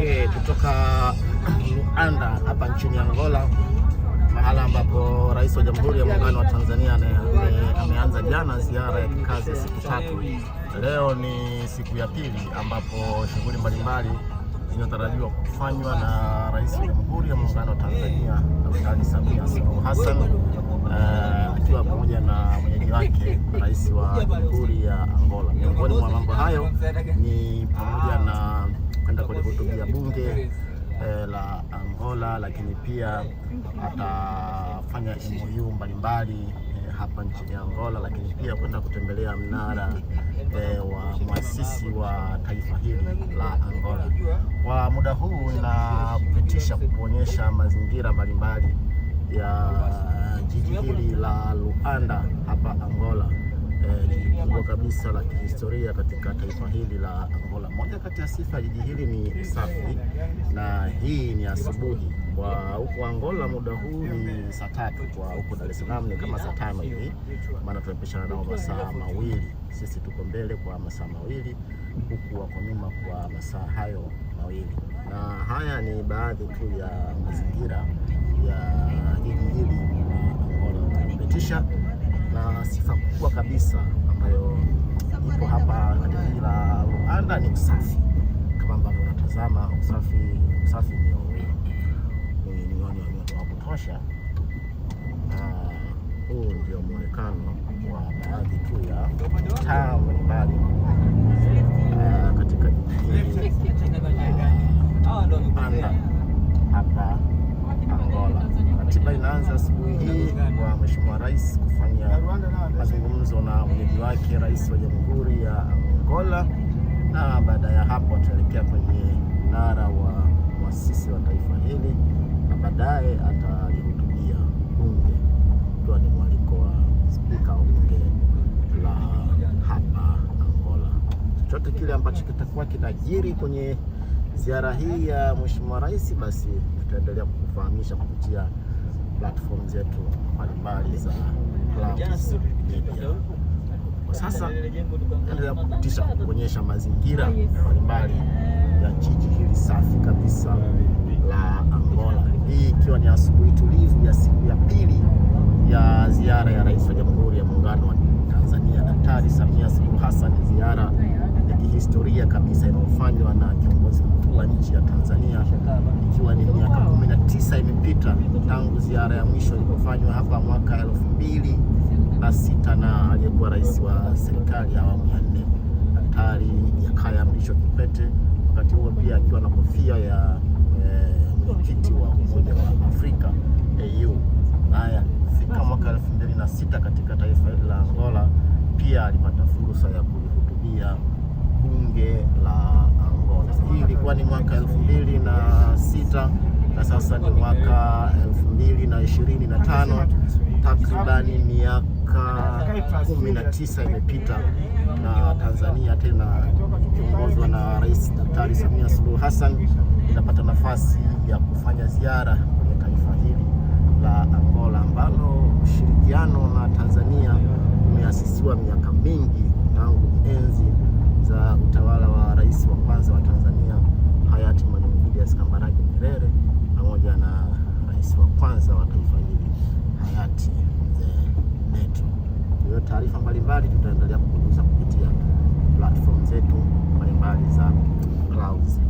pekee kutoka Luanda hapa nchini Angola, mahala ambapo Rais wa Jamhuri ya Muungano wa Tanzania ameanza jana ziara ya kikazi ya siku tatu. Leo ni siku ya pili ambapo shughuli mbalimbali zinatarajiwa kufanywa na Rais wa Jamhuri ya Muungano wa Tanzania Daktari Samia Suluhu Hassan eh, akiwa uh, pamoja na mwenyeji wake Rais wa Jamhuri ya Angola. Miongoni mwa mambo hayo ni pamoja na atakwenda kulihutubia bunge eh, la Angola, lakini pia atafanya MOU mbalimbali eh, hapa nchini Angola, lakini pia kwenda kutembelea mnara eh, wa mwasisi wa taifa hili la Angola. Kwa muda huu napitisha kuonyesha mazingira mbalimbali ya eh, jiji hili la Luanda hapa Angola kabisa la kihistoria katika taifa hili la Angola. Moja kati ya sifa jiji hili ni usafi, na hii ni asubuhi kwa huko Angola, muda huu ni saa tatu, kwa huko Dar es Salaam ni kama saa tano hivi, maana tunapishana nao masaa mawili. Sisi tuko mbele kwa masaa mawili, huku wako nyuma kwa masaa hayo mawili, na haya ni baadhi tu ya mazingira ya jiji hili la Angola. na sifa kubwa kabisa ambayo ipo hapa katika jiji la Luanda ni usafi. Kama ambavyo unatazama usafi, usafi wa kutosha. na Huu ndio mwonekano wa baadhi tu ya town kwanza asubuhi hii kwa Mheshimiwa Rais kufanya mazungumzo na mwenyeji wake Rais wa Jamhuri ya Angola, na baada ya hapo ataelekea kwenye mnara wa mwasisi wa taifa hili na baadaye atalihutubia bunge, ikiwa ni mwaliko wa spika wa bunge la hapa Angola. Chochote kile ambacho kitakuwa kinajiri kwenye ziara hii ya Mheshimiwa Rais basi tutaendelea kukufahamisha kupitia platform zetu mbalimbali za clubs Kwa sasa endelea kukutisha kuonyesha mazingira mbalimbali ya jiji hili safi kabisa la Angola, hii ikiwa ni asubuhi tulivu ya siku kihistoria kabisa inayofanywa na kiongozi mkuu wa nchi ya Tanzania, ikiwa ni miaka 19 imepita tangu ziara ya mwisho ilipofanywa hapa mwaka elfu mbili na sita na aliyekuwa rais wa serikali ya awamu ya nne Daktari Jakaya Mrisho Kikwete, wakati huo pia akiwa na kofia ya eh, mwenyekiti wa Umoja wa Afrika AU. Naye fika mwaka elfu mbili na sita katika taifa hili la Angola, pia alipata fursa ya kulihutubia bunge la Angola. Hii ilikuwa ni mwaka elfu mbili na sita na sasa ni mwaka elfu mbili na ishirini na tano takribani miaka kumi na tisa imepita na Tanzania tena ikiongozwa na Rais Daktari Samia Suluhu Hassan inapata nafasi ya kufanya ziara kwenye taifa hili la Angola ambalo ushirikiano na Tanzania umeasisiwa miaka mingi tangu enzi utawala wa rais wa kwanza wa Tanzania hayati Mwalimu Julius Kambarage Nyerere pamoja na rais wa kwanza wa taifa hili hayati Mzee Neto. Kwa hiyo taarifa mbalimbali tutaendelea kukujuza kupitia platform zetu mbalimbali za clouds.